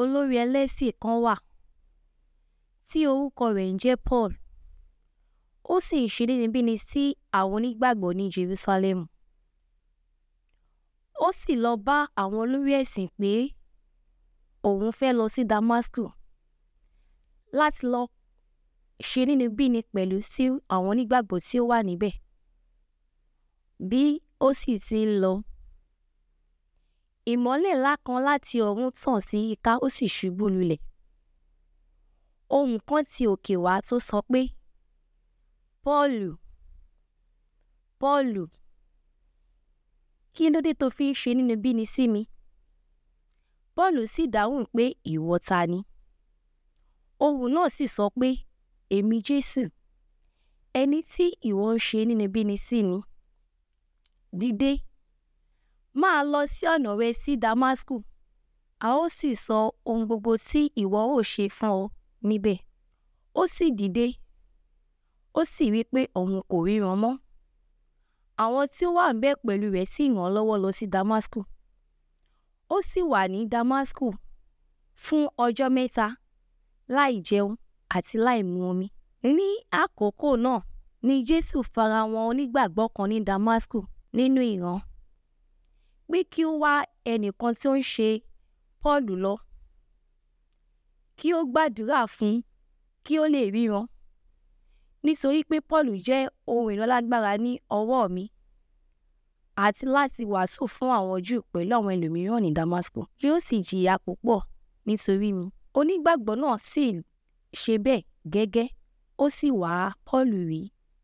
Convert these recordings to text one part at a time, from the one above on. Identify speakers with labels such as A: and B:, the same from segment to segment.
A: olórí ẹlẹ́sìn kan wà tí orúkọ rẹ̀ ń jẹ́ Paul ó sì ń ṣe inúnibíni sí àwọn onígbàgbọ́ ní Jerusalem ó sì lọ bá àwọn olórí ẹ̀sìn pé òun fẹ́ lọ sí Damascus láti lọ ṣe inúnibíni pẹ̀lú sí àwọn onígbàgbọ́ tí ó wà níbẹ̀ bí ó sì ti ń lọ Ìmọ́lẹ̀ ńlá kan láti ọ̀run tàn sí Yíká ó sì ṣubú lulẹ̀. Ohùn kan ti òkè wá tó sọ pé, Pọ́ọ̀lù, Pọ́ọ̀lù, kí ló dé tó fi ń ṣe inúnibíni sí mi? Pọ́ọ̀lù sì dáhùn pé, Ìwọ ta ni? Ohùn náà sì sọ pé, Èmi Jésù, ẹni tí ìwọ ń ṣe inúnibíni sí ni. Dìde Máa lọ sí ọ̀nà rẹ sí Damasku, a ó sì sọ ohun gbogbo tí ìwọ ó ṣe fún ọ níbẹ̀. Ó sì dìde, ó sì rí i pé òun kò ríran mọ́. Àwọn tí ó wà ńbẹ̀ pẹ̀lú rẹ̀ sì ràn án lọ́wọ́ lọ sí Damasku. Ó sì wà ní Damasku fún ọjọ́ mẹ́ta láì jẹun àti láì mu omi. Ní àkókò náà ni Jesu farahàn onígbàgbọ́ kan ní Damasku nínú ìran pé kí ó wá ẹnìkan tí ó ń ṣe Paul lọ kí ó gbàdúrà fún kí ó lè ríran nítorí pé Paul jẹ́ ohun ìrọlágbára ní ọwọ́ mi àti láti wàásù fún àwọn Júù pẹ̀lú àwọn ẹlòmíràn ní Damasco kí ó sì jìyà púpọ̀ nítorí mi onígbàgbọ́ náà sì ṣe bẹ́ẹ̀ gẹ́gẹ́ ó sì wá Paul rí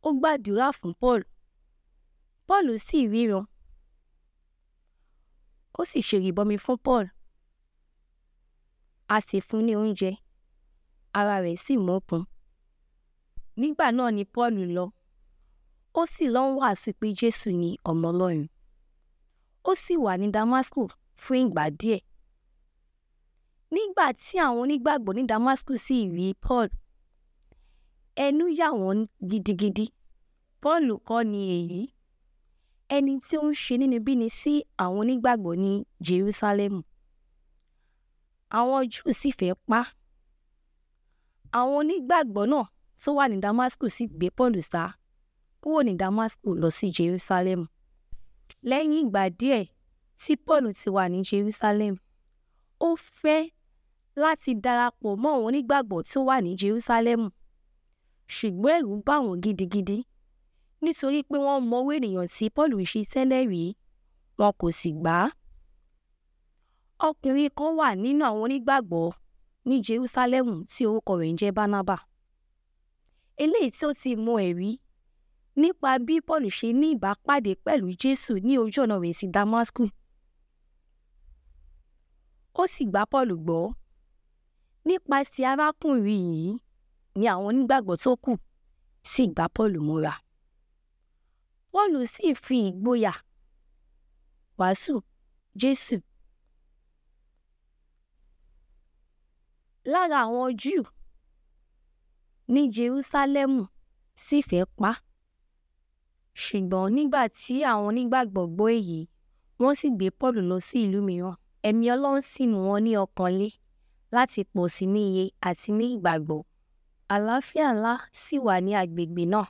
A: ó gbàdúrà fún Paul Paul sì ríran ó sì ṣe ìrìbọmi fún Paul, a sì fún ní oúnjẹ, ara rẹ̀ sì mókun. Nígbà náà ni Paul lọ, ó sì lọ ń wàásù pé Jésù ni ọmọ Ọlọ́run. Ó sì wà ní Damasku fún ìgbà díẹ̀. Nígbà tí àwọn onígbàgbọ́ ní Damasku sì rí Paul, ẹnu yà wọ́n gidigidi. Paul kọ́ ni èyí ẹni tí ó ń ṣe inúnibíni sí àwọn onígbàgbọ́ ní Jerúsálẹ́mù àwọn Júù sì fẹ́ pa àwọn onígbàgbọ́ náà tó wà ní Damasku sì gbé Pọ́ọ̀lù sá kúrò ní Damasku lọ sí Jerúsálẹ́mù lẹ́yìn ìgbà díẹ̀ tí Pọ́ọ̀lù ti wà ní Jerusalem. ó fẹ́ láti darapọ̀ mọ́ àwọn onígbàgbọ́ tó wà ní Jerúsálẹ́mù ṣùgbọ́n ẹ̀rù bà wọ́n gidigidi nítorí pé wọ́n mọwé ènìyàn tí Paul ń ṣe tẹ́lẹ̀ rí wọn kò sì gbà á. ọkùnrin kan wà nínú àwọn onígbàgbọ́ ní Jerusalem tí orúkọ rẹ̀ ń jẹ́ Barnaba eléyìí tí ó ti mọ ẹ̀rí nípa bí Paul ṣe ní ìbápàdé pẹ̀lú Jésù ní ojú ọ̀nà rẹ̀ sí Damascus ó sì gbà Paul gbọ́ nípasẹ̀ arákùnrin yìí ni àwọn onígbàgbọ́ tó kù sì gbà Paul mọ́ra. Pọ́ọ̀lù sì fi ìgboyà wàásù Jésù. Lára àwọn Júù ní Jerúsálẹ́mù sì fẹ́ pa á, ṣùgbọ́n nígbà tí àwọn onígbàgbọ́ gbọ́ èyí, wọ́n sì gbé Pọ́ọ̀lù lọ sí ìlú mìíràn, Ẹ̀mí Ọlọ́run sì mú wọn ní ọkàn le láti pọ̀ sí ní iye àti ní ìgbàgbọ́. Àlàáfíà ńlá sì wà ní agbègbè náà.